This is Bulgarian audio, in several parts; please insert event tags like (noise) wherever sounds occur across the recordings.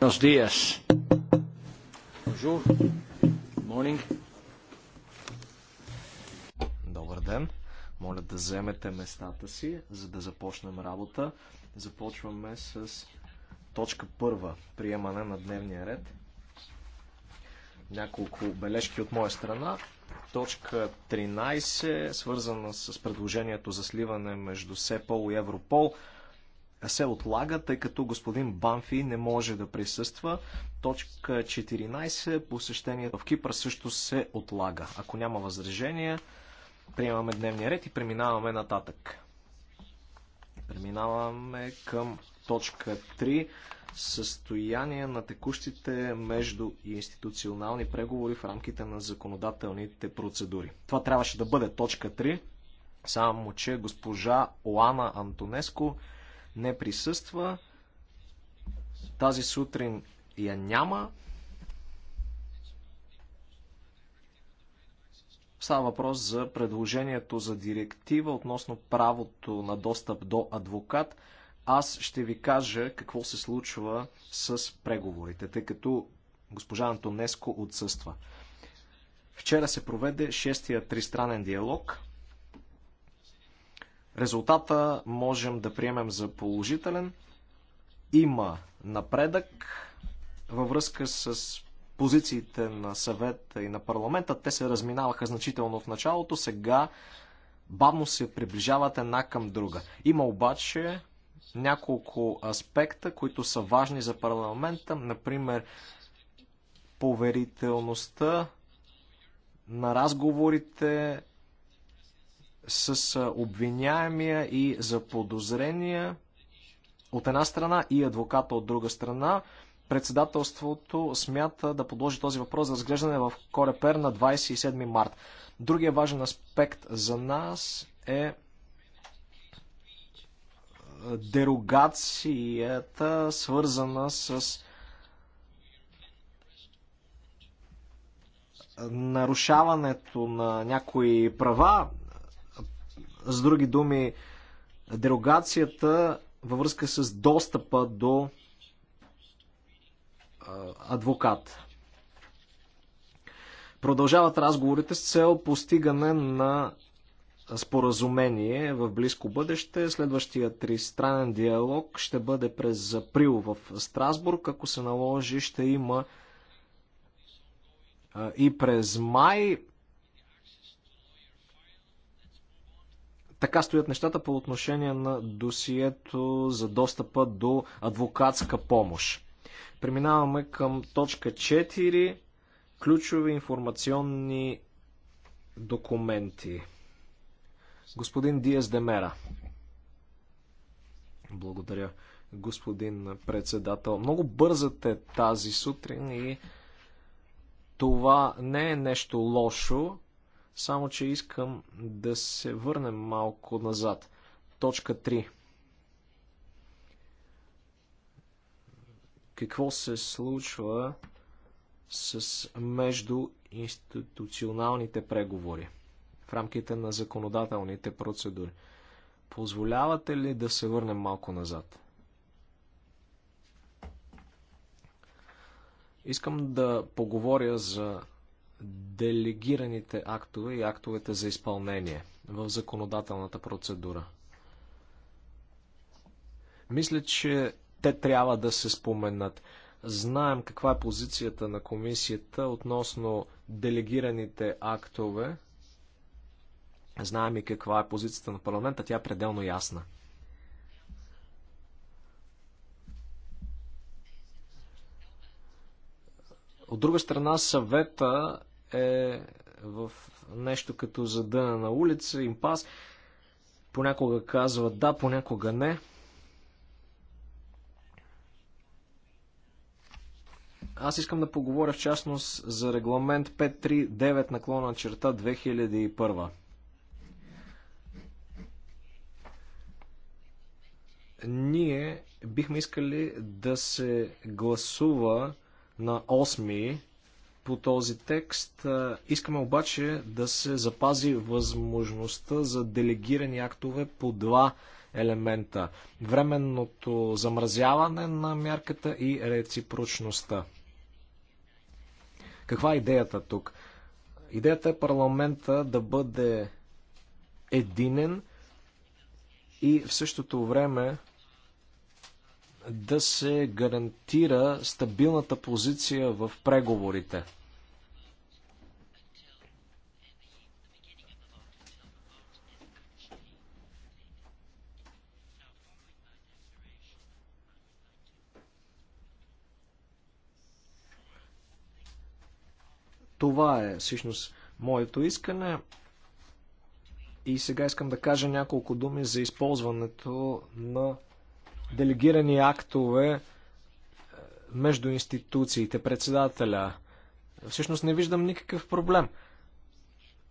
Buenos días. Bonjour. morning. Добър ден. Моля да вземете местата си, за да започнем работа. Започваме с точка първа. Приемане на дневния ред. Няколко бележки от моя страна. Точка 13, свързана с предложението за сливане между СЕПОЛ и Европол се отлага, тъй като господин Банфи не може да присъства. Точка 14. Посещението в Кипър също се отлага. Ако няма възражения, приемаме дневния ред и преминаваме нататък. Преминаваме към точка 3. Състояние на текущите между институционални преговори в рамките на законодателните процедури. Това трябваше да бъде точка 3, само че госпожа Оана Антонеско не присъства. Тази сутрин я няма. Става въпрос за предложението за директива относно правото на достъп до адвокат. Аз ще ви кажа какво се случва с преговорите, тъй като госпожа Антонеско отсъства. Вчера се проведе шестия тристранен диалог. Резултата можем да приемем за положителен. Има напредък във връзка с позициите на съвета и на парламента. Те се разминаваха значително в началото. Сега бавно се приближават една към друга. Има обаче няколко аспекта, които са важни за парламента. Например, поверителността на разговорите с обвиняемия и заподозрения от една страна и адвоката от друга страна. Председателството смята да подложи този въпрос за разглеждане в Корепер на 27 март. Другия важен аспект за нас е дерогацията, свързана с нарушаването на някои права с други думи, дерогацията във връзка с достъпа до адвокат. Продължават разговорите с цел постигане на споразумение в близко бъдеще. Следващия тристранен диалог ще бъде през април в Страсбург. Ако се наложи, ще има и през май. Така стоят нещата по отношение на досието за достъпа до адвокатска помощ. Преминаваме към точка 4 ключови информационни документи. Господин Диас Демера. Благодаря, господин председател. Много бързате тази сутрин и това не е нещо лошо само че искам да се върнем малко назад. Точка 3. Какво се случва с между институционалните преговори в рамките на законодателните процедури? Позволявате ли да се върнем малко назад? Искам да поговоря за делегираните актове и актовете за изпълнение в законодателната процедура. Мисля, че те трябва да се споменат. Знаем каква е позицията на комисията относно делегираните актове. Знаем и каква е позицията на парламента. Тя е пределно ясна. От друга страна, съвета е в нещо като задъна на улица, импас. Понякога казват да, понякога не. Аз искам да поговоря в частност за регламент 539 наклона черта 2001. Ние бихме искали да се гласува на 8 по този текст. Искаме обаче да се запази възможността за делегирани актове по два елемента. Временното замразяване на мярката и реципрочността. Каква е идеята тук? Идеята е парламента да бъде единен и в същото време да се гарантира стабилната позиция в преговорите. Това е всъщност моето искане. И сега искам да кажа няколко думи за използването на делегирани актове е, между институциите, председателя. Всъщност не виждам никакъв проблем.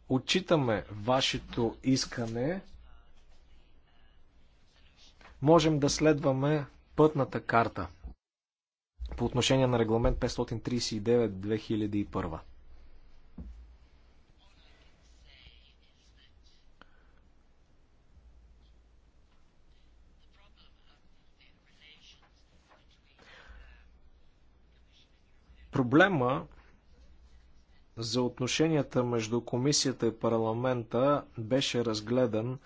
Отчитаме вашето искане. Можем да следваме пътната карта по отношение на регламент 539-2001. Проблема за отношенията между комисията и парламента беше разгледан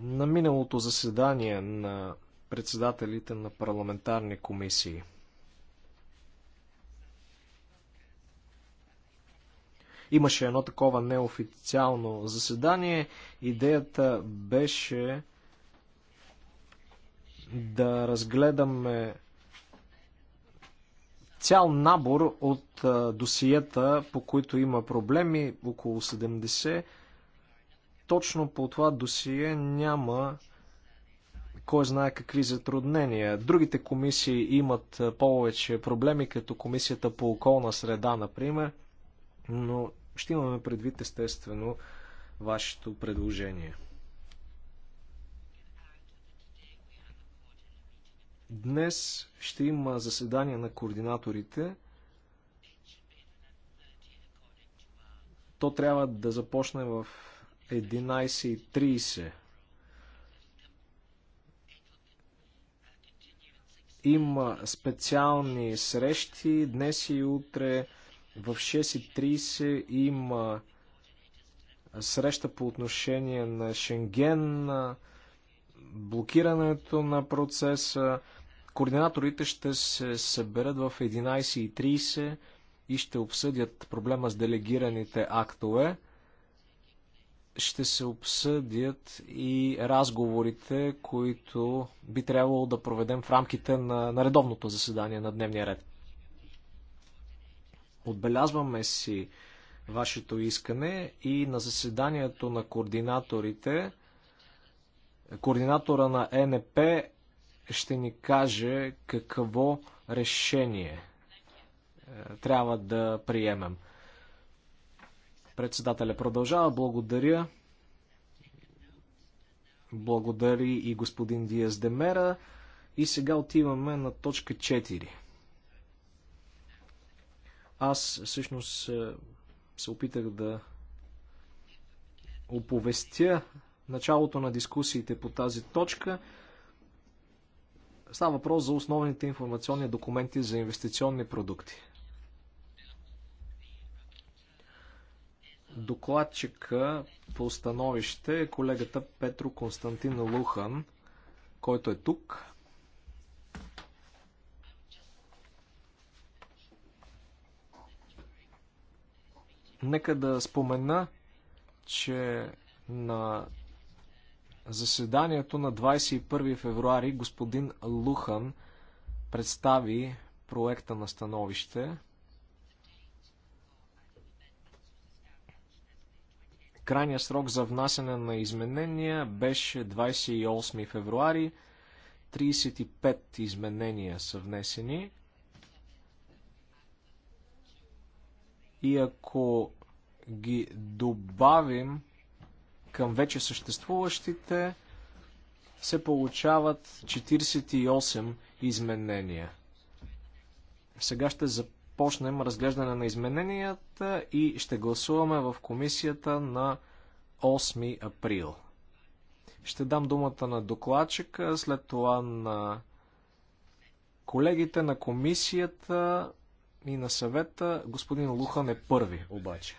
на миналото заседание на председателите на парламентарни комисии. Имаше едно такова неофициално заседание. Идеята беше да разгледаме цял набор от досиета, по които има проблеми, около 70. Точно по това досие няма кой знае какви затруднения. Другите комисии имат повече проблеми, като комисията по околна среда, например, но ще имаме предвид естествено вашето предложение. Днес ще има заседание на координаторите. То трябва да започне в 11.30. Има специални срещи днес и утре. В 6.30 има среща по отношение на Шенген, блокирането на процеса. Координаторите ще се съберат в 11.30 и ще обсъдят проблема с делегираните актове. Ще се обсъдят и разговорите, които би трябвало да проведем в рамките на, на редовното заседание на дневния ред. Отбелязваме си вашето искане и на заседанието на координаторите координатора на НП ще ни каже какво решение е, трябва да приемем. Председателя продължава. Благодаря. Благодари и господин Диас Демера. И сега отиваме на точка 4. Аз всъщност е, се опитах да оповестя началото на дискусиите по тази точка. Става въпрос за основните информационни документи за инвестиционни продукти. Докладчика по установище е колегата Петро Константин Лухан, който е тук. Нека да спомена, че на заседанието на 21 февруари господин Лухан представи проекта на становище. Крайният срок за внасяне на изменения беше 28 февруари. 35 изменения са внесени. И ако ги добавим към вече съществуващите се получават 48 изменения. Сега ще започнем разглеждане на измененията и ще гласуваме в комисията на 8 април. Ще дам думата на докладчика, след това на колегите на комисията и на съвета. Господин Лухан е първи обаче.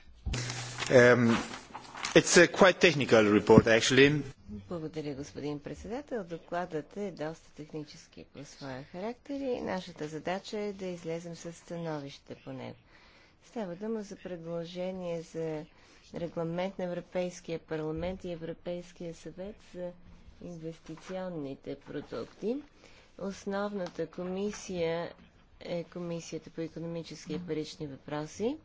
Благодаря, господин председател. Докладът е доста технически по своя характер и нашата задача е да излезем с становище по него. Става дума за предложение за регламент на Европейския парламент и Европейския съвет за инвестиционните продукти. Основната комисия е Комисията по економически и парични въпроси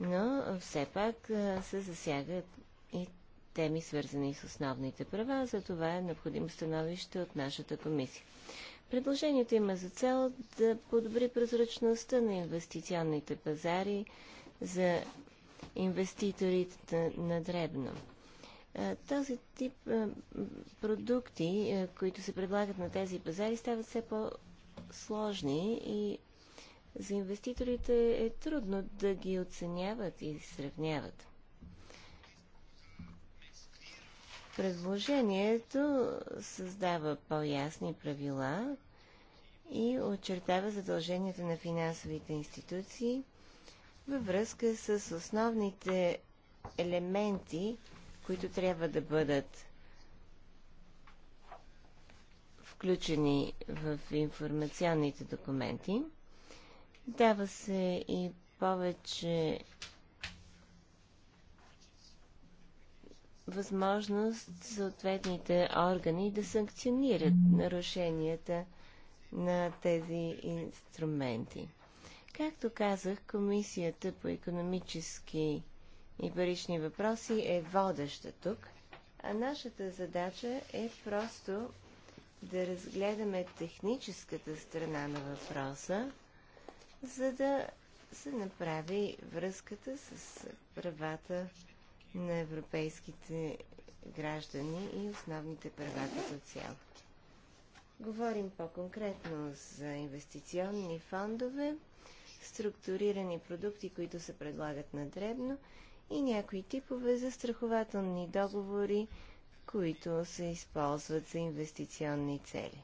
но все пак се засягат и теми, свързани с основните права, за това е необходимо становище от нашата комисия. Предложението има за цел да подобри прозрачността на инвестиционните пазари за инвеститорите на дребно. Този тип продукти, които се предлагат на тези пазари, стават все по-сложни и за инвеститорите е трудно да ги оценяват и сравняват. Предложението създава по-ясни правила и очертава задълженията на финансовите институции във връзка с основните елементи, които трябва да бъдат включени в информационните документи – Дава се и повече възможност за ответните органи да санкционират нарушенията на тези инструменти. Както казах, Комисията по економически и парични въпроси е водеща тук, а нашата задача е просто да разгледаме техническата страна на въпроса за да се направи връзката с правата на европейските граждани и основните права като цяло. Говорим по-конкретно за инвестиционни фондове, структурирани продукти, които се предлагат на дребно и някои типове за страхователни договори, които се използват за инвестиционни цели.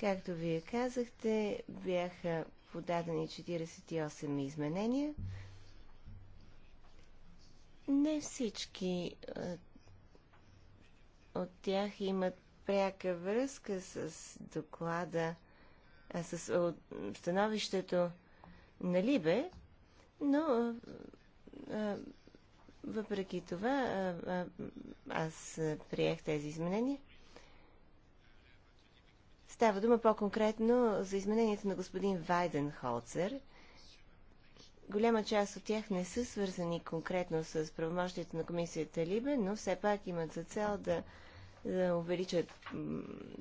Както вие казахте, бяха подадени 48 изменения. Не всички от тях имат пряка връзка с доклада, а с становището на Либе, но а, въпреки това а, а, аз приех тези изменения. Става дума по-конкретно за изменението на господин Вайден Холцер. Голяма част от тях не са свързани конкретно с правомощието на комисията Либе, но все пак имат за цел да, да увеличат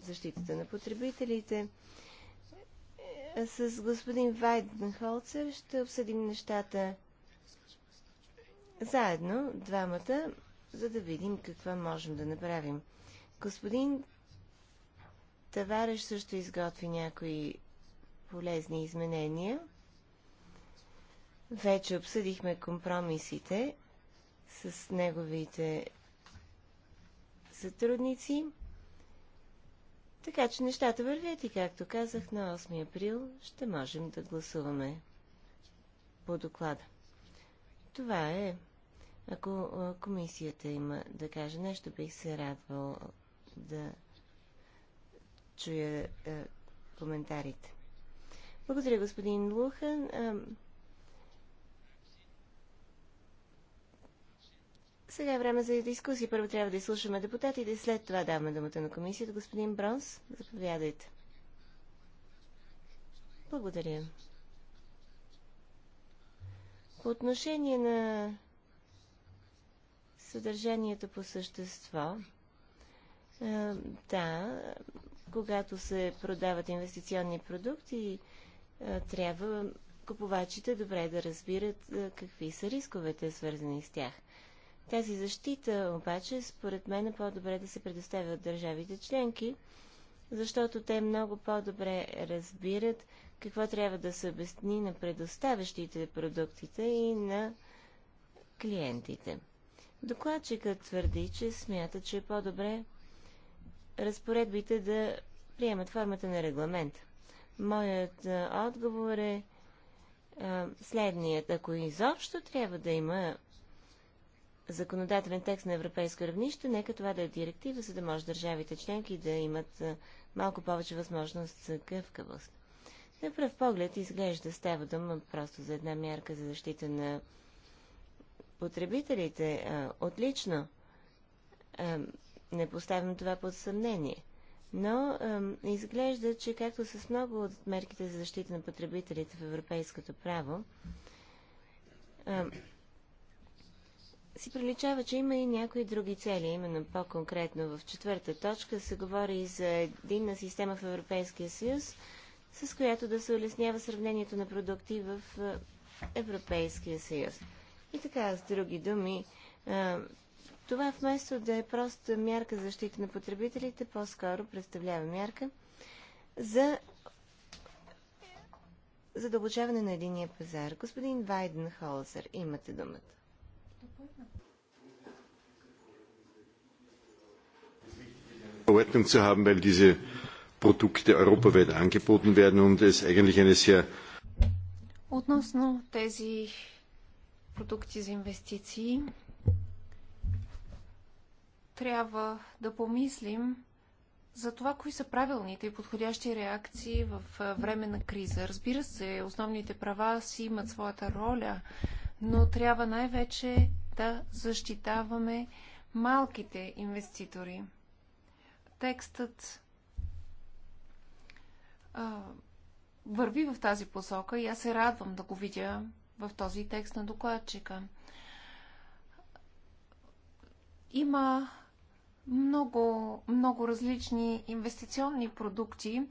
защитата на потребителите. С господин Вайден Холцер ще обсъдим нещата заедно, двамата, за да видим какво можем да направим. Господин Тавареш също изготви някои полезни изменения. Вече обсъдихме компромисите с неговите сътрудници. Така че нещата вървят и, както казах, на 8 април ще можем да гласуваме по доклада. Това е. Ако комисията има да каже нещо, бих се радвал да чуя е, коментарите. Благодаря, господин Лухан. Сега е време за дискусия. Първо трябва да изслушаме депутатите, и след това даваме думата на комисията. Господин Бронс, заповядайте. Благодаря. По отношение на съдържанието по същество, е, да, когато се продават инвестиционни продукти, е, трябва купувачите добре да разбират е, какви са рисковете, свързани с тях. Тази защита обаче, според мен, е по-добре да се предоставя от държавите членки, защото те много по-добре разбират какво трябва да се обясни на предоставящите продуктите и на клиентите. Докладчикът твърди, че смята, че е по-добре разпоредбите да приемат формата на регламент. Моят отговор е а, следният. Ако изобщо трябва да има законодателен текст на европейско равнище, нека това да е директива, за да може държавите членки да имат а, малко повече възможност за гъвкавост. На пръв поглед изглежда става дума просто за една мярка за защита на потребителите. Отлично. Не поставям това под съмнение. Но ем, изглежда, че както с много от мерките за защита на потребителите в европейското право, ем, си приличава, че има и някои други цели. Именно по-конкретно в четвърта точка се говори и за единна система в Европейския съюз, с която да се улеснява сравнението на продукти в Европейския съюз. И така, с други думи, това вместо да е просто мярка за защита на потребителите, по-скоро представлява мярка за задълбочаване на единия пазар. Господин Вайден Холзер, имате думата. Verordnung zu haben, weil diese Produkte europaweit angeboten werden und es eigentlich eine sehr Относно тези продукти за инвестиции, трябва да помислим за това, кои са правилните и подходящи реакции в време на криза. Разбира се, основните права си имат своята роля, но трябва най-вече да защитаваме малките инвеститори. Текстът а, върви в тази посока и аз се радвам да го видя в този текст на докладчика. Има много, много различни инвестиционни продукти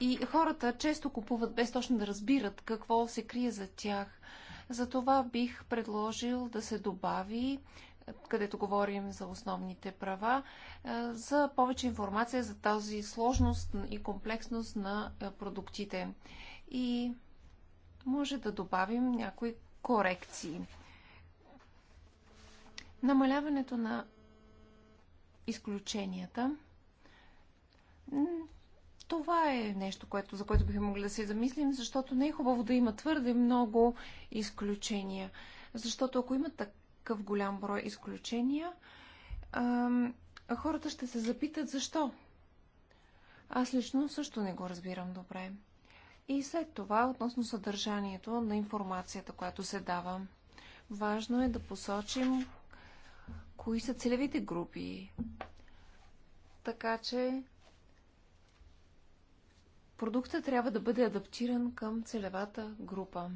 и хората често купуват без точно да разбират какво се крие за тях. Затова бих предложил да се добави, където говорим за основните права, е, за повече информация за тази сложност и комплексност на е, продуктите. И може да добавим някои корекции. Намаляването на изключенията. Това е нещо, което, за което бихме могли да се замислим, защото не е хубаво да има твърде много изключения. Защото ако има такъв голям брой изключения, хората ще се запитат защо. Аз лично също не го разбирам добре. И след това, относно съдържанието на информацията, която се дава. Важно е да посочим кои са целевите групи. Така че продукта трябва да бъде адаптиран към целевата група.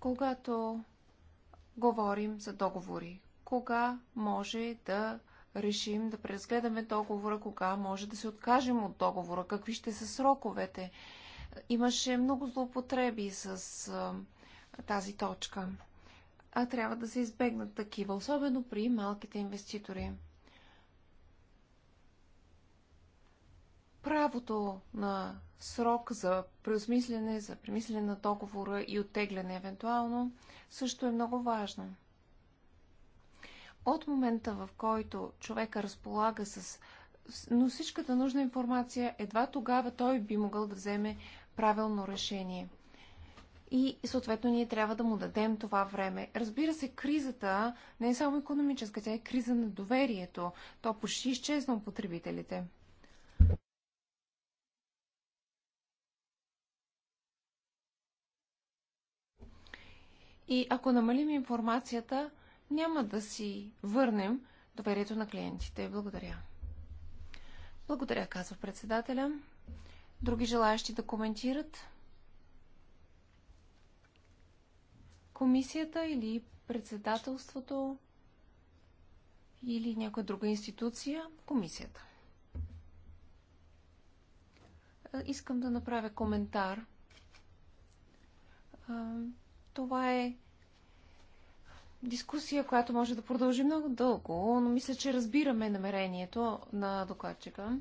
Когато говорим за договори, кога може да решим да преразгледаме договора, кога може да се откажем от договора, какви ще са сроковете. Имаше много злоупотреби с а, тази точка а трябва да се избегнат такива, особено при малките инвеститори. Правото на срок за преосмислене, за премислене на договора и оттегляне евентуално също е много важно. От момента, в който човека разполага с но всичката нужна информация, едва тогава той би могъл да вземе правилно решение и съответно ние трябва да му дадем това време. Разбира се, кризата не е само економическа, тя е криза на доверието. То почти изчезна от потребителите. И ако намалим информацията, няма да си върнем доверието на клиентите. Благодаря. Благодаря, казва председателя. Други желаящи да коментират? комисията или председателството или някоя друга институция, комисията. Искам да направя коментар. Това е дискусия, която може да продължи много дълго, но мисля, че разбираме намерението на докладчика.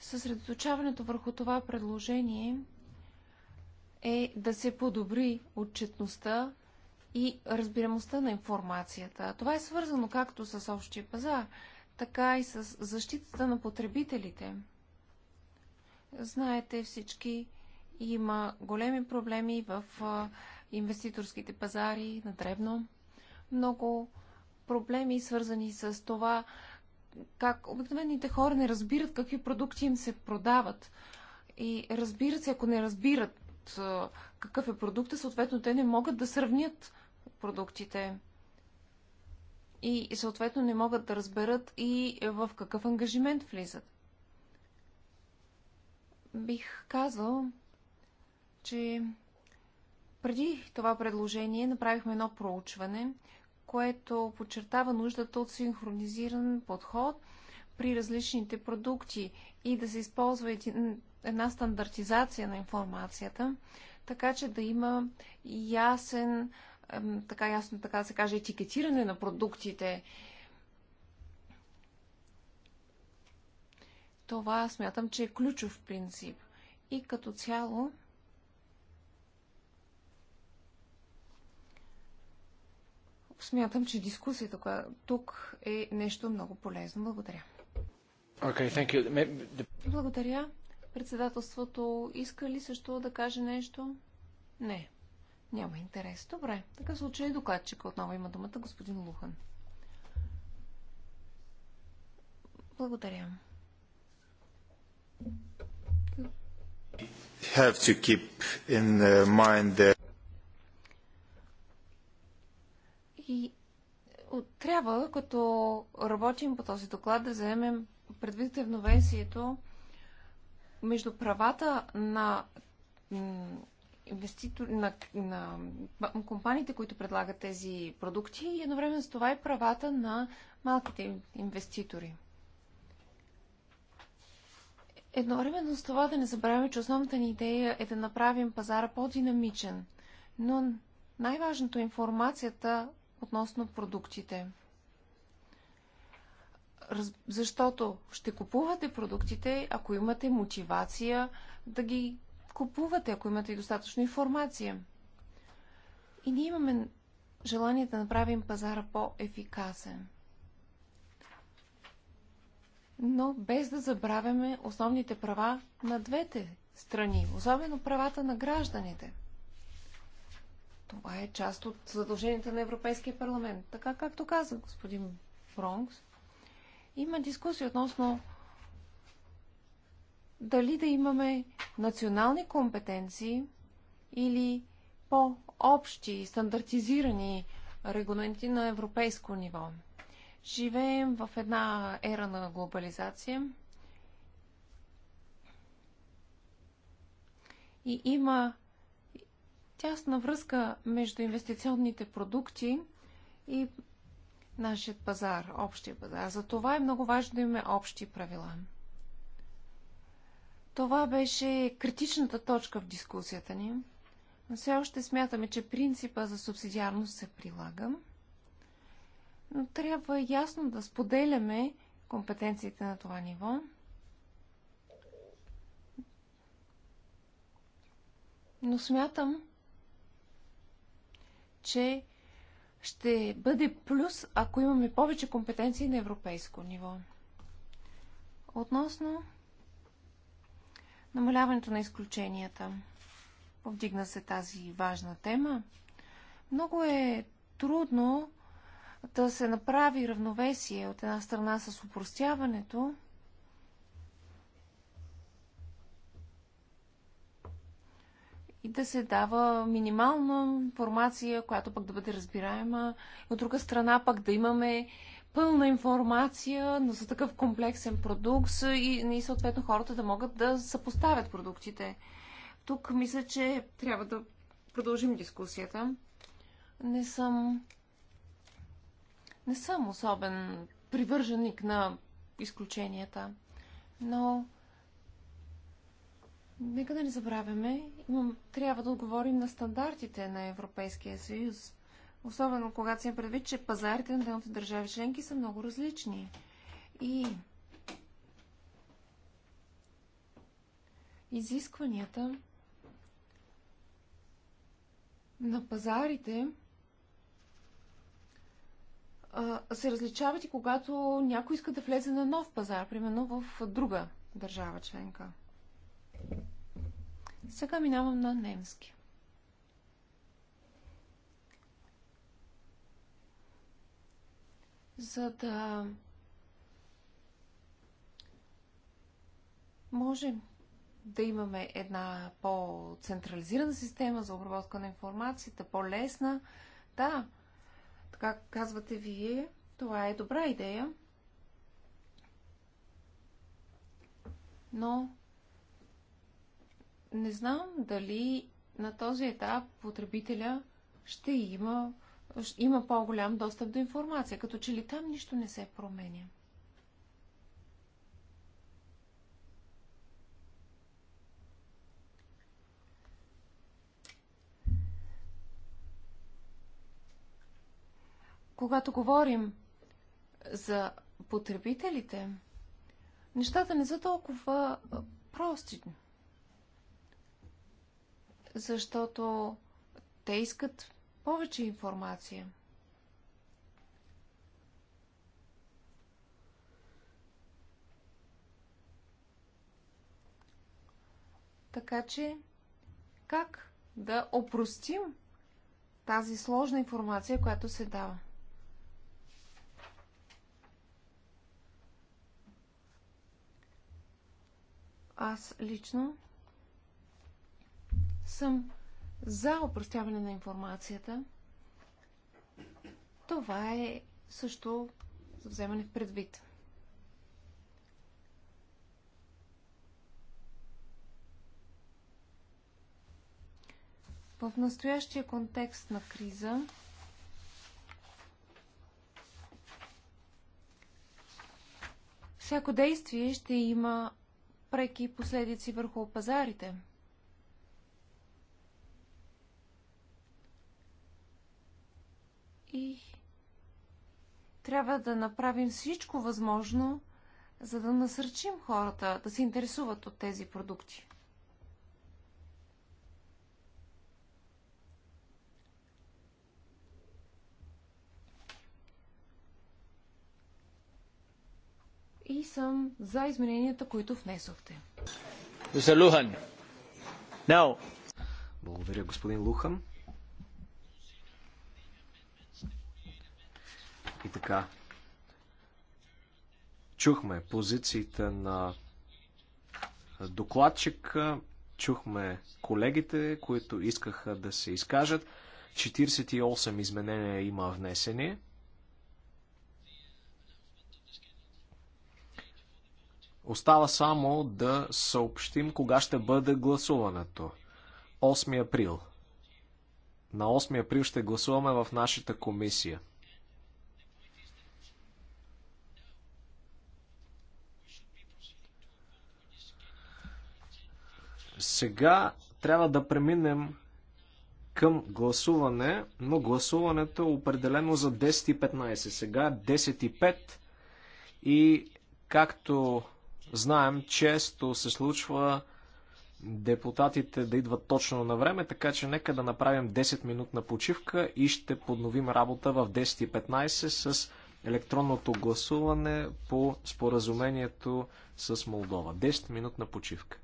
Съсредоточаването върху това предложение – е да се подобри отчетността и разбираемостта на информацията. Това е свързано както с общия пазар, така и с защитата на потребителите. Знаете всички, има големи проблеми в инвеститорските пазари на дребно. Много проблеми, свързани с това, как обикновените хора не разбират какви продукти им се продават. И разбира се, ако не разбират от какъв е продукта, съответно те не могат да сравнят продуктите. И съответно не могат да разберат и в какъв ангажимент влизат. Бих казал, че преди това предложение направихме едно проучване, което подчертава нуждата от синхронизиран подход при различните продукти и да се използва един една стандартизация на информацията, така че да има ясен, така ясно така да се каже, етикетиране на продуктите. Това смятам, че е ключов принцип. И като цяло смятам, че дискусията тук е нещо много полезно. Благодаря. Okay, thank you. Благодаря. Председателството иска ли също да каже нещо? Не. Няма интерес. Добре. В такъв случай докладчика отново има думата господин Лухан. Благодаря. Have to keep in uh, mind that... И трябва, като работим по този доклад, да вземем предвид равновесието между правата на инвеститори, на, на компаниите, които предлагат тези продукти и едновременно с това и правата на малките инвеститори. Едновременно с това да не забравяме, че основната ни идея е да направим пазара по-динамичен, но най-важното е информацията относно продуктите – защото ще купувате продуктите, ако имате мотивация да ги купувате, ако имате и достатъчно информация. И ние имаме желание да направим пазара по-ефикасен. Но без да забравяме основните права на двете страни, особено правата на гражданите. Това е част от задълженията на Европейския парламент. Така както каза господин Бронкс, има дискусия относно дали да имаме национални компетенции или по-общи, стандартизирани регламенти на европейско ниво. Живеем в една ера на глобализация и има тясна връзка между инвестиционните продукти и нашият пазар, общия пазар. За това е много важно да имаме общи правила. Това беше критичната точка в дискусията ни. Но все още смятаме, че принципа за субсидиарност се прилага. Но трябва ясно да споделяме компетенциите на това ниво. Но смятам, че ще бъде плюс, ако имаме повече компетенции на европейско ниво. Относно намаляването на изключенията. Повдигна се тази важна тема. Много е трудно да се направи равновесие от една страна с упростяването, и да се дава минимална информация, която пък да бъде разбираема. От друга страна пък да имаме пълна информация но за такъв комплексен продукт и, и съответно хората да могат да съпоставят продуктите. Тук мисля, че трябва да продължим дискусията. Не съм. Не съм особен привърженик на изключенията, но Нека да не забравяме, имам, трябва да отговорим на стандартите на Европейския съюз. Особено когато си предвид, че пазарите на отделните държави членки са много различни. И изискванията на пазарите се различават и когато някой иска да влезе на нов пазар, примерно в друга държава членка. Сега минавам на немски. За да можем да имаме една по-централизирана система за обработка на информацията, по-лесна. Да, така казвате вие, това е добра идея. Но не знам дали на този етап потребителя ще има, ще има по-голям достъп до информация, като че ли там нищо не се променя. Когато говорим за потребителите, нещата не са толкова прости защото те искат повече информация. Така че, как да опростим тази сложна информация, която се дава? Аз лично съм за опростяване на информацията. Това е също за вземане в предвид. В настоящия контекст на криза всяко действие ще има преки последици върху пазарите – и трябва да направим всичко възможно, за да насърчим хората да се интересуват от тези продукти. И съм за измененията, които внесохте. Благодаря, господин Лухан. И така, чухме позициите на докладчика, чухме колегите, които искаха да се изкажат. 48 изменения има внесени. Остава само да съобщим кога ще бъде гласуването. 8 април. На 8 април ще гласуваме в нашата комисия. Сега трябва да преминем към гласуване, но гласуването е определено за 10.15. Сега 10.05 е и както знаем, често се случва депутатите да идват точно на време, така че нека да направим 10 минутна почивка и ще подновим работа в 10.15 с електронното гласуване по споразумението с Молдова. 10 минутна почивка.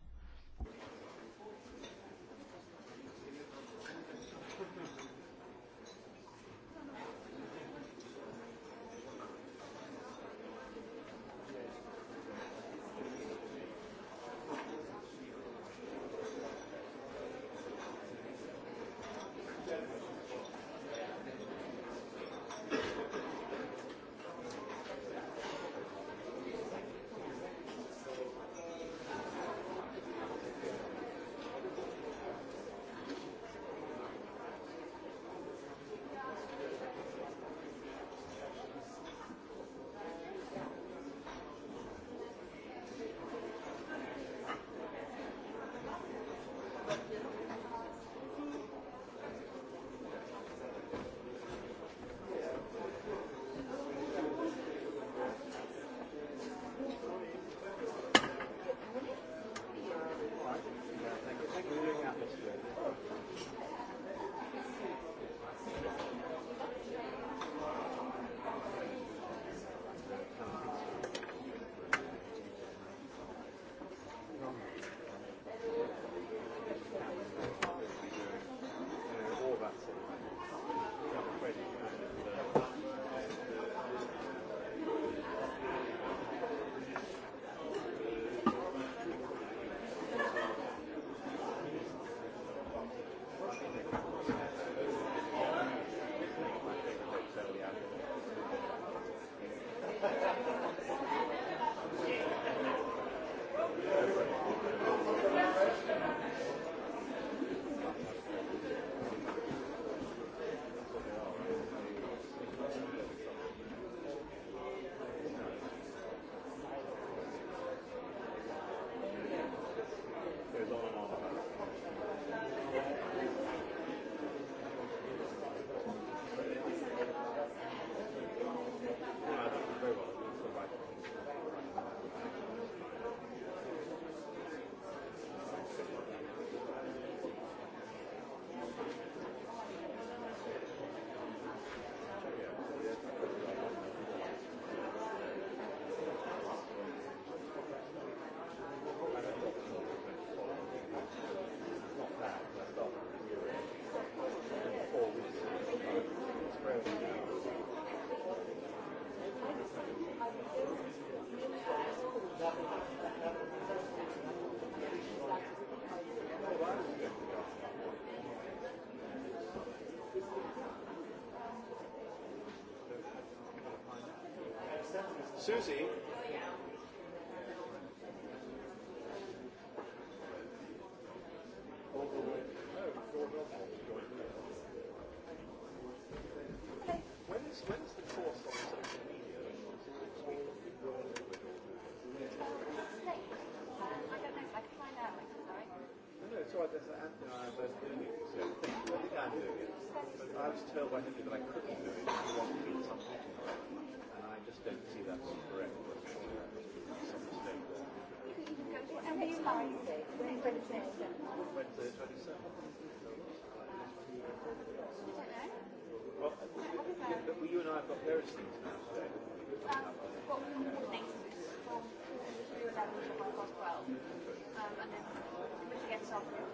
Susie was told by Henry that I couldn't do it if you wanted me to something. And I just don't see that as correct. But I'm sure some mistake Well, but you and I have got various things now today. Um, what we from to Um, and then we get off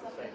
Thank you.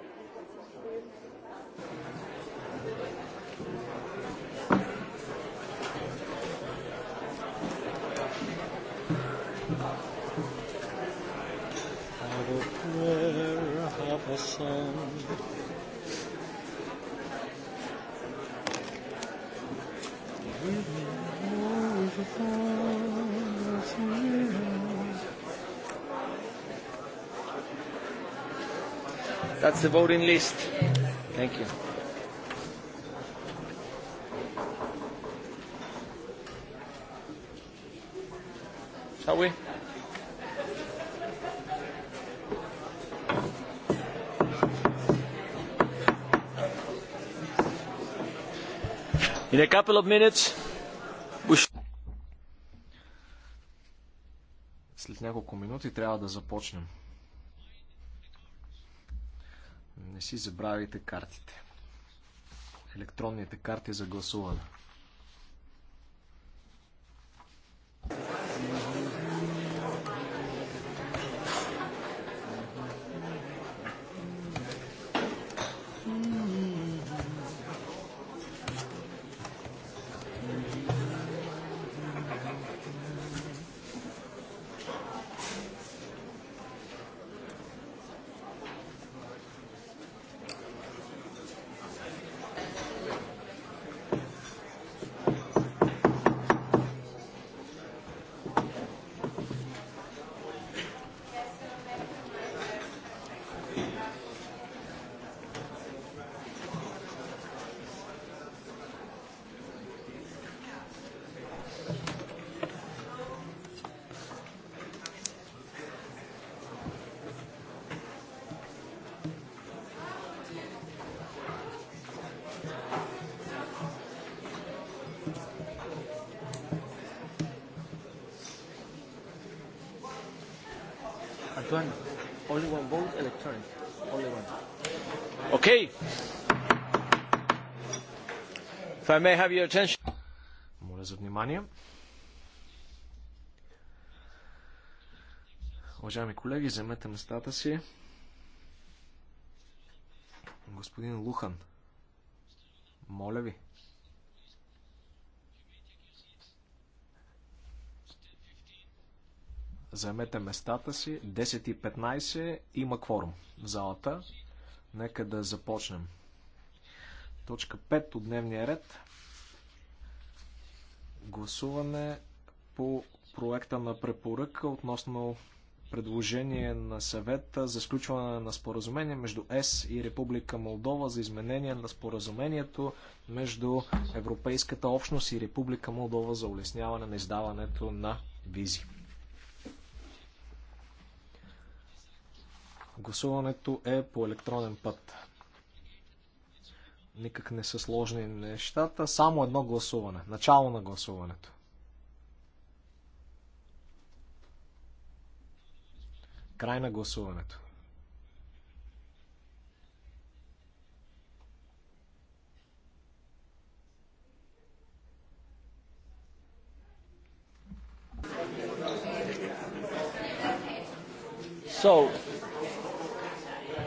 the voting list. Thank you. Shall we? In a couple of minutes, we should... След няколко минути трябва да започнем. Не си забравяйте картите. Електронните карти за гласуване. Okay. If I may have your attention. Моля за внимание. Уважаеми колеги, вземете местата си. Господин Лухан, моля ви. Заемете местата си. 10.15 има кворум в залата. Нека да започнем. Точка 5 от дневния ред. Гласуване по проекта на препоръка относно предложение на съвета за сключване на споразумение между ЕС и Република Молдова за изменение на споразумението между Европейската общност и Република Молдова за улесняване на издаването на визи. Гласуването е по електронен път. Никак не са сложни нещата, само едно гласуване. Начало на гласуването. Край на гласуването. So,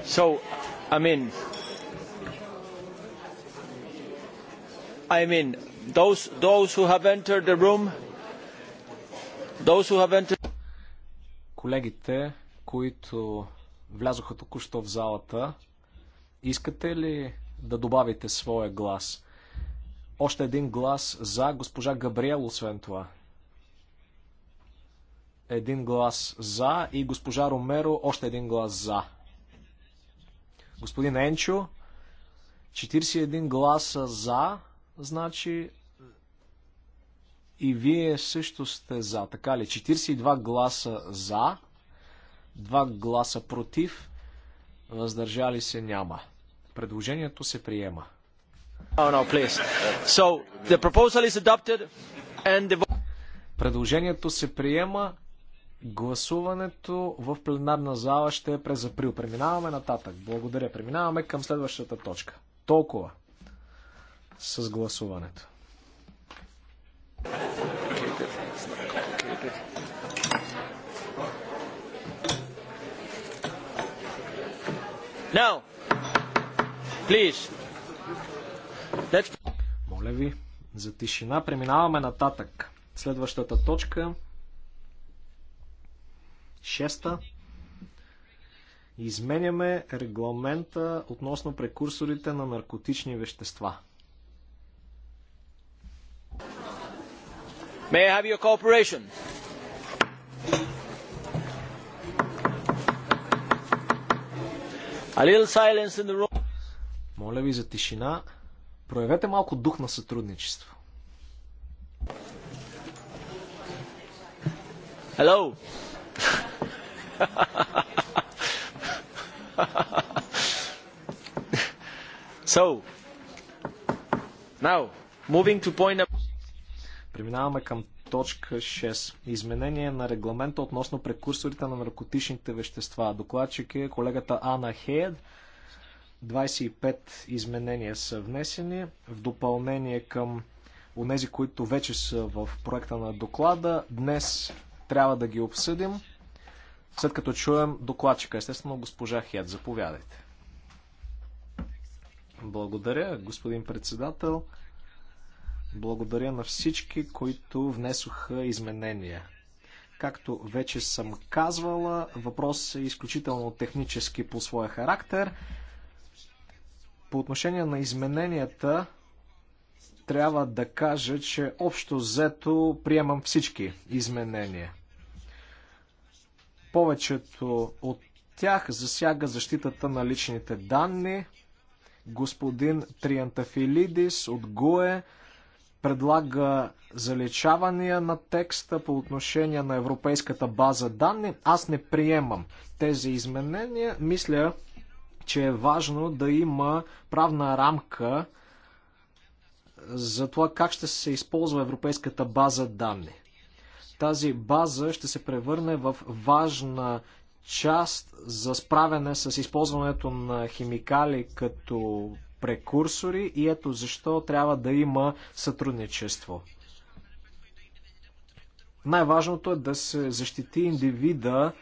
So, I mean, I mean, those those who have entered the room, those who have entered. Колегите, които влязоха току-що в залата, искате ли да добавите своя глас? Още един глас за госпожа Габриел, освен това един глас за и госпожа Ромеро още един глас за. Господин Енчо, 41 гласа за, значи и вие също сте за, така ли? 42 гласа за, 2 гласа против, въздържали се няма. Предложението се приема. Oh, no, so, the is and the... Предложението се приема Гласуването в пленарна зала ще е през април. Преминаваме нататък. Благодаря. Преминаваме към следващата точка. Толкова с гласуването. Now, please. Let's... Моля ви за тишина. Преминаваме нататък. Следващата точка 6. Изменяме регламента относно прекурсорите на наркотични вещества. May I have your cooperation? A little silence in the room. Моля ви за тишина. Проявете малко дух на сътрудничество. Hello. (laughs) so, now, moving to point... Преминаваме към точка 6. Изменение на регламента относно прекурсорите на наркотичните вещества. Докладчик е колегата Ана Хед. 25 изменения са внесени в допълнение към онези, които вече са в проекта на доклада. Днес трябва да ги обсъдим след като чуем докладчика. Естествено, госпожа Хед, заповядайте. Благодаря, господин председател. Благодаря на всички, които внесоха изменения. Както вече съм казвала, въпрос е изключително технически по своя характер. По отношение на измененията, трябва да кажа, че общо взето приемам всички изменения – повечето от тях засяга защитата на личните данни. Господин Триантафилидис от ГУЕ предлага заличавания на текста по отношение на Европейската база данни. Аз не приемам тези изменения. Мисля, че е важно да има правна рамка за това как ще се използва Европейската база данни. Тази база ще се превърне в важна част за справяне с използването на химикали като прекурсори и ето защо трябва да има сътрудничество. Най-важното е да се защити индивида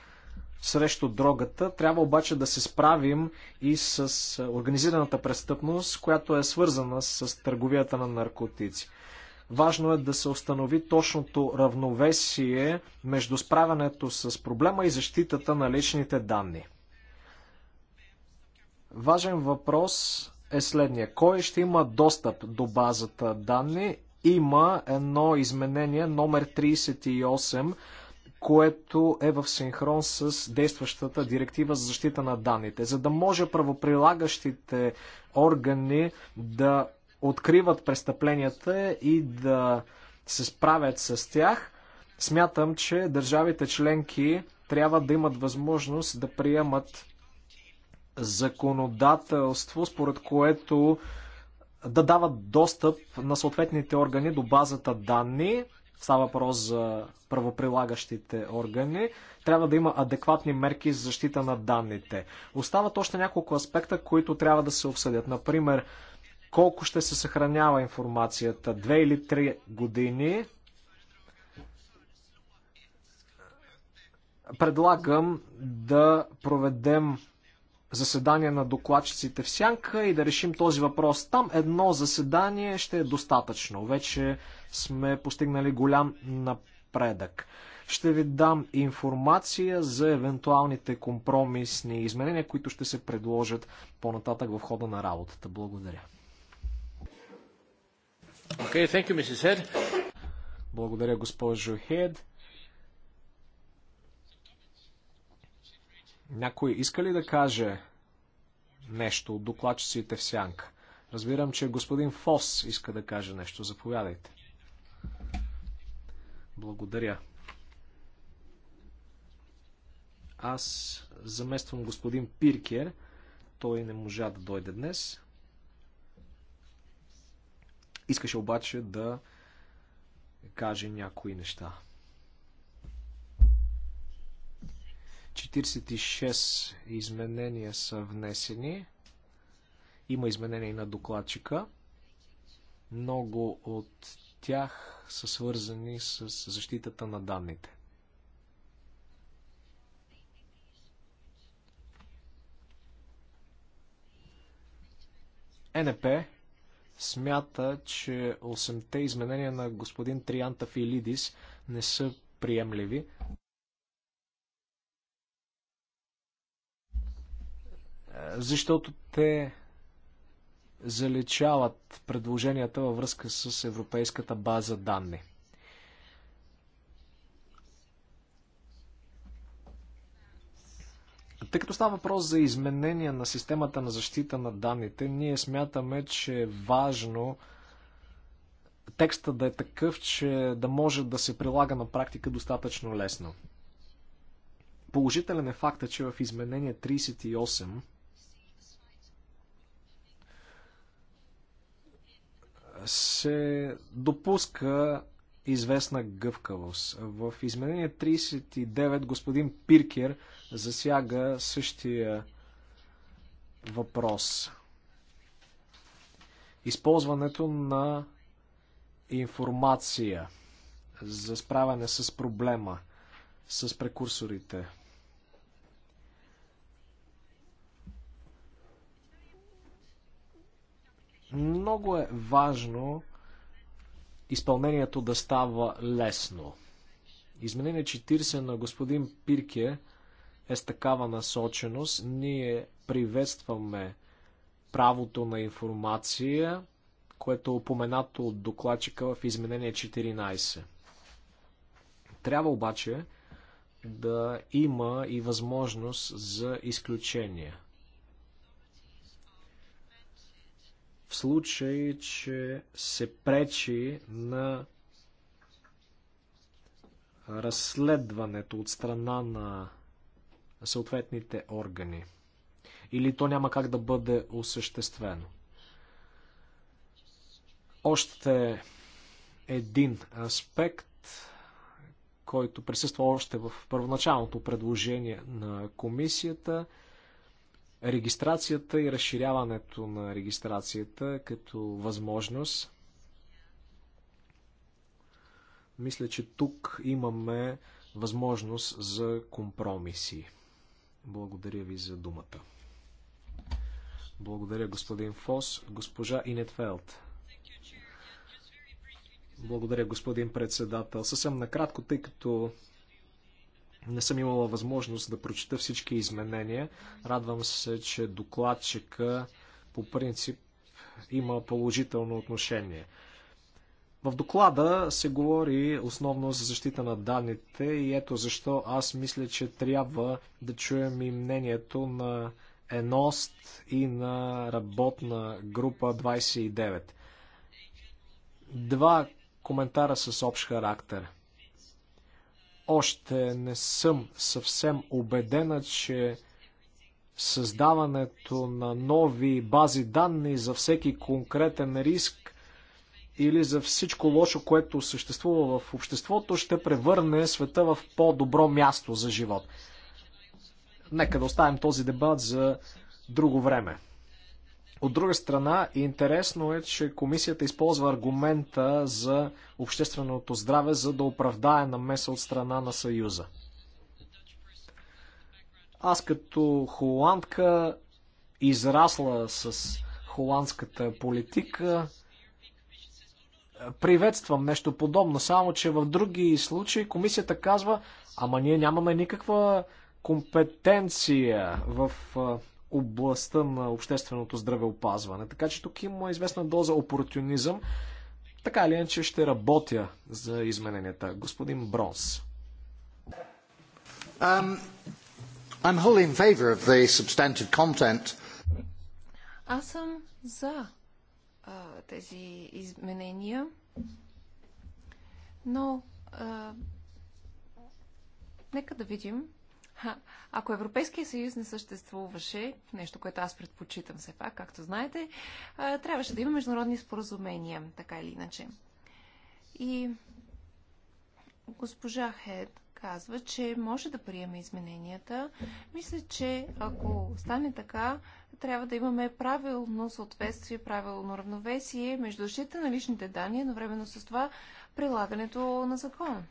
срещу дрогата. Трябва обаче да се справим и с организираната престъпност, която е свързана с търговията на наркотици. Важно е да се установи точното равновесие между справянето с проблема и защитата на личните данни. Важен въпрос е следния. Кой ще има достъп до базата данни? Има едно изменение номер 38, което е в синхрон с действащата директива за защита на данните, за да може правоприлагащите органи да откриват престъпленията и да се справят с тях, смятам, че държавите членки трябва да имат възможност да приемат законодателство, според което да дават достъп на съответните органи до базата данни. Става въпрос за правоприлагащите органи. Трябва да има адекватни мерки за защита на данните. Остават още няколко аспекта, които трябва да се обсъдят. Например, колко ще се съхранява информацията? Две или три години? Предлагам да проведем заседание на докладчиците в Сянка и да решим този въпрос там. Едно заседание ще е достатъчно. Вече сме постигнали голям напредък. Ще ви дам информация за евентуалните компромисни изменения, които ще се предложат по-нататък в хода на работата. Благодаря. Okay, thank you, Mrs. Head. Благодаря, госпожо Хед. Някой иска ли да каже нещо от докладчиците в сянка? Разбирам, че господин Фос иска да каже нещо. Заповядайте. Благодаря. Аз замествам господин Пиркер. Той не можа да дойде днес. Искаше обаче да каже някои неща. 46 изменения са внесени. Има изменения и на докладчика. Много от тях са свързани с защитата на данните. Е, НП смята, че 8-те изменения на господин Трианта Филидис не са приемливи. Защото те заличават предложенията във връзка с Европейската база данни. Тъй като става въпрос за изменения на системата на защита на данните, ние смятаме, че е важно текста да е такъв, че да може да се прилага на практика достатъчно лесно. Положителен е факта, че в изменение 38 се допуска известна гъвкавост. В изменение 39 господин Пиркер засяга същия въпрос. Използването на информация за справяне с проблема, с прекурсорите. Много е важно изпълнението да става лесно. Изменение 40 на господин Пирке е с такава насоченост. Ние приветстваме правото на информация, което е упоменато от докладчика в изменение 14. Трябва обаче да има и възможност за изключения. в случай, че се пречи на разследването от страна на съответните органи. Или то няма как да бъде осъществено. Още един аспект, който присъства още в първоначалното предложение на комисията – регистрацията и разширяването на регистрацията като възможност. Мисля, че тук имаме възможност за компромиси. Благодаря ви за думата. Благодаря, господин Фос. Госпожа Инетфелд. Благодаря, господин председател. Съвсем накратко, тъй като не съм имала възможност да прочета всички изменения. Радвам се, че докладчика по принцип има положително отношение. В доклада се говори основно за защита на данните и ето защо аз мисля, че трябва да чуем и мнението на ЕНОСТ и на работна група 29. Два коментара с общ характер – още не съм съвсем убедена, че създаването на нови бази данни за всеки конкретен риск или за всичко лошо, което съществува в обществото, ще превърне света в по-добро място за живот. Нека да оставим този дебат за друго време. От друга страна, интересно е, че комисията използва аргумента за общественото здраве, за да оправдае намеса от страна на Съюза. Аз като холандка, израсла с холандската политика, приветствам нещо подобно, само че в други случаи комисията казва, ама ние нямаме никаква компетенция в областта на общественото здравеопазване. Така че тук има известна доза опортунизъм. Така или иначе ще работя за измененията. Господин Бронс. Um, I'm in favor of the substantive content. Аз съм за а, тези изменения, но а, нека да видим ако Европейския съюз не съществуваше, нещо, което аз предпочитам все пак, както знаете, трябваше да има международни споразумения, така или иначе. И госпожа Хед казва, че може да приеме измененията. Мисля, че ако стане така, трябва да имаме правилно съответствие, правилно равновесие между защита на личните данни, едновременно с това прилагането на закон.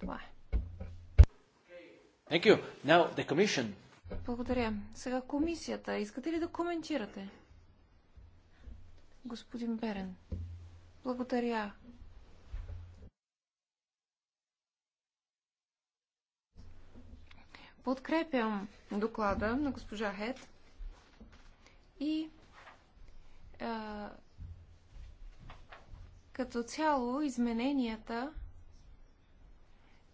Това е. Thank you. Now the commission. Благодаря. Сега комисията. Искате ли да коментирате? Господин Берен. Благодаря. Подкрепям доклада на госпожа Хед и а, като цяло измененията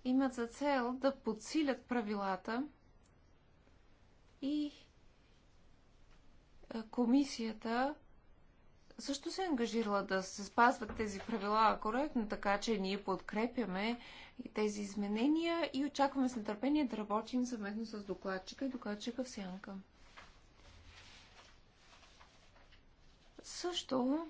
имат за цел да подсилят правилата и комисията също се е ангажирала да се спазват тези правила коректно, така че ние подкрепяме тези изменения и очакваме с нетърпение да работим съвместно с докладчика и докладчика в сянка. Също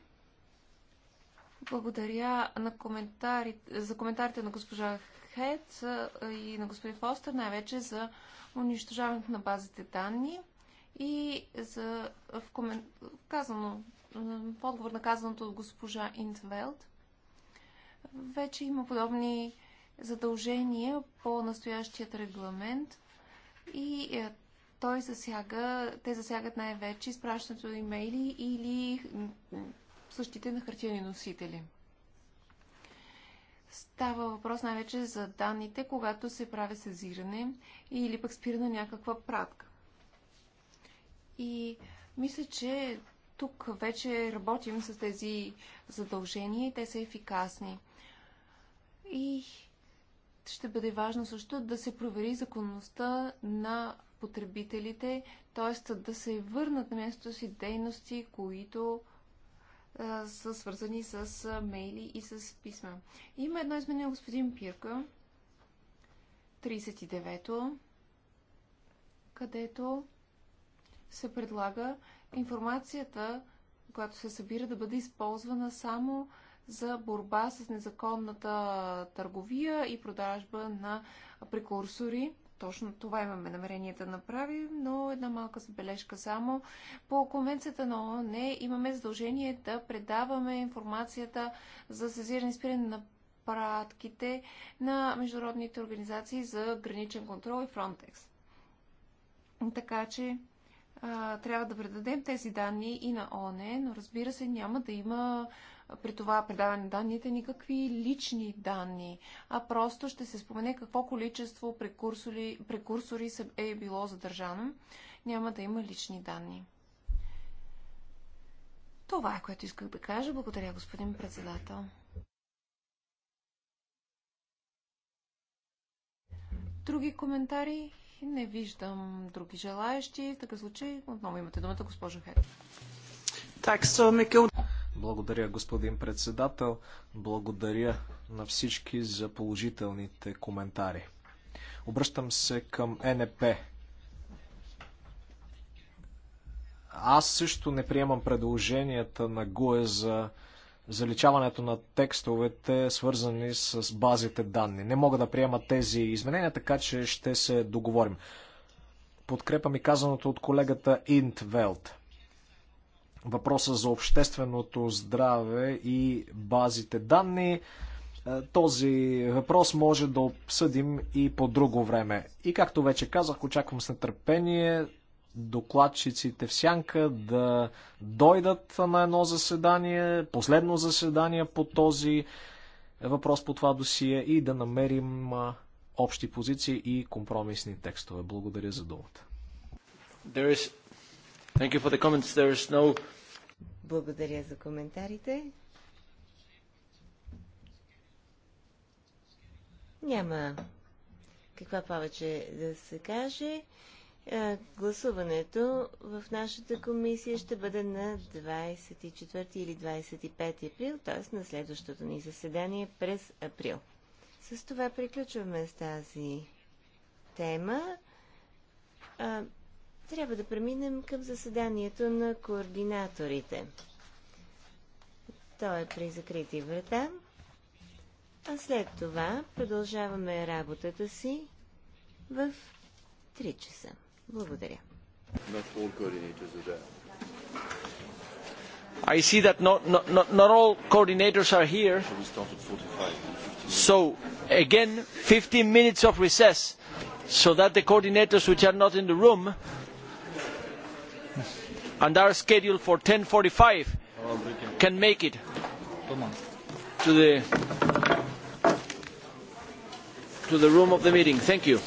благодаря на коментарите, за коментарите на госпожа Хед и на господин Фостер, най-вече за унищожаването на базите данни и за в комен... казано, в отговор на казаното от госпожа Интвелд. Вече има подобни задължения по настоящият регламент и той засяга, те засягат най-вече изпращането на имейли или същите на хартияни носители. Става въпрос най-вече за данните, когато се прави сезиране или пък спира на някаква пратка. И мисля, че тук вече работим с тези задължения и те са ефикасни. И ще бъде важно също да се провери законността на потребителите, т.е. да се върнат на мястото си дейности, които са свързани с мейли и с писма. Има едно изменение господин Пирка, 39-то, където се предлага информацията, която се събира, да бъде използвана само за борба с незаконната търговия и продажба на прекурсори точно това имаме намерение да направим, но една малка забележка само. По конвенцията на ООН имаме задължение да предаваме информацията за сезиране и спиране на пратките на международните организации за граничен контрол и Frontex. Така че а, трябва да предадем тези данни и на ОНЕ, но разбира се няма да има при това предаване данните никакви лични данни, а просто ще се спомене какво количество прекурсори, прекурсори е било задържано. Няма да има лични данни. Това е което исках да кажа. Благодаря, господин председател. Други коментари? Не виждам други желаящи. В такъв случай отново имате думата, госпожо Хер. Так, благодаря, господин председател. Благодаря на всички за положителните коментари. Обръщам се към НП. Аз също не приемам предложенията на ГУЕ за заличаването на текстовете, свързани с базите данни. Не мога да приема тези изменения, така че ще се договорим. Подкрепам и казаното от колегата Интвелт въпроса за общественото здраве и базите данни. Е, този въпрос може да обсъдим и по друго време. И както вече казах, очаквам с нетърпение докладчиците в сянка да дойдат на едно заседание, последно заседание по този въпрос по това досие и да намерим общи позиции и компромисни текстове. Благодаря за думата. Thank you for the comments. There is no... Благодаря за коментарите. Няма каква повече да се каже. Е, гласуването в нашата комисия ще бъде на 24 или 25 април, т.е. на следващото ни заседание през април. С това приключваме с тази тема. Трябва да преминем към заседанието на координаторите. То е при закрити врата. А след това продължаваме работата си в 3 часа. Благодаря. I see that not, not, not, not all coordinators are here. So, again, 15 minutes of recess so that the coordinators which are not in the room and are scheduled for 10.45 can make it to the, to the room of the meeting. Thank you.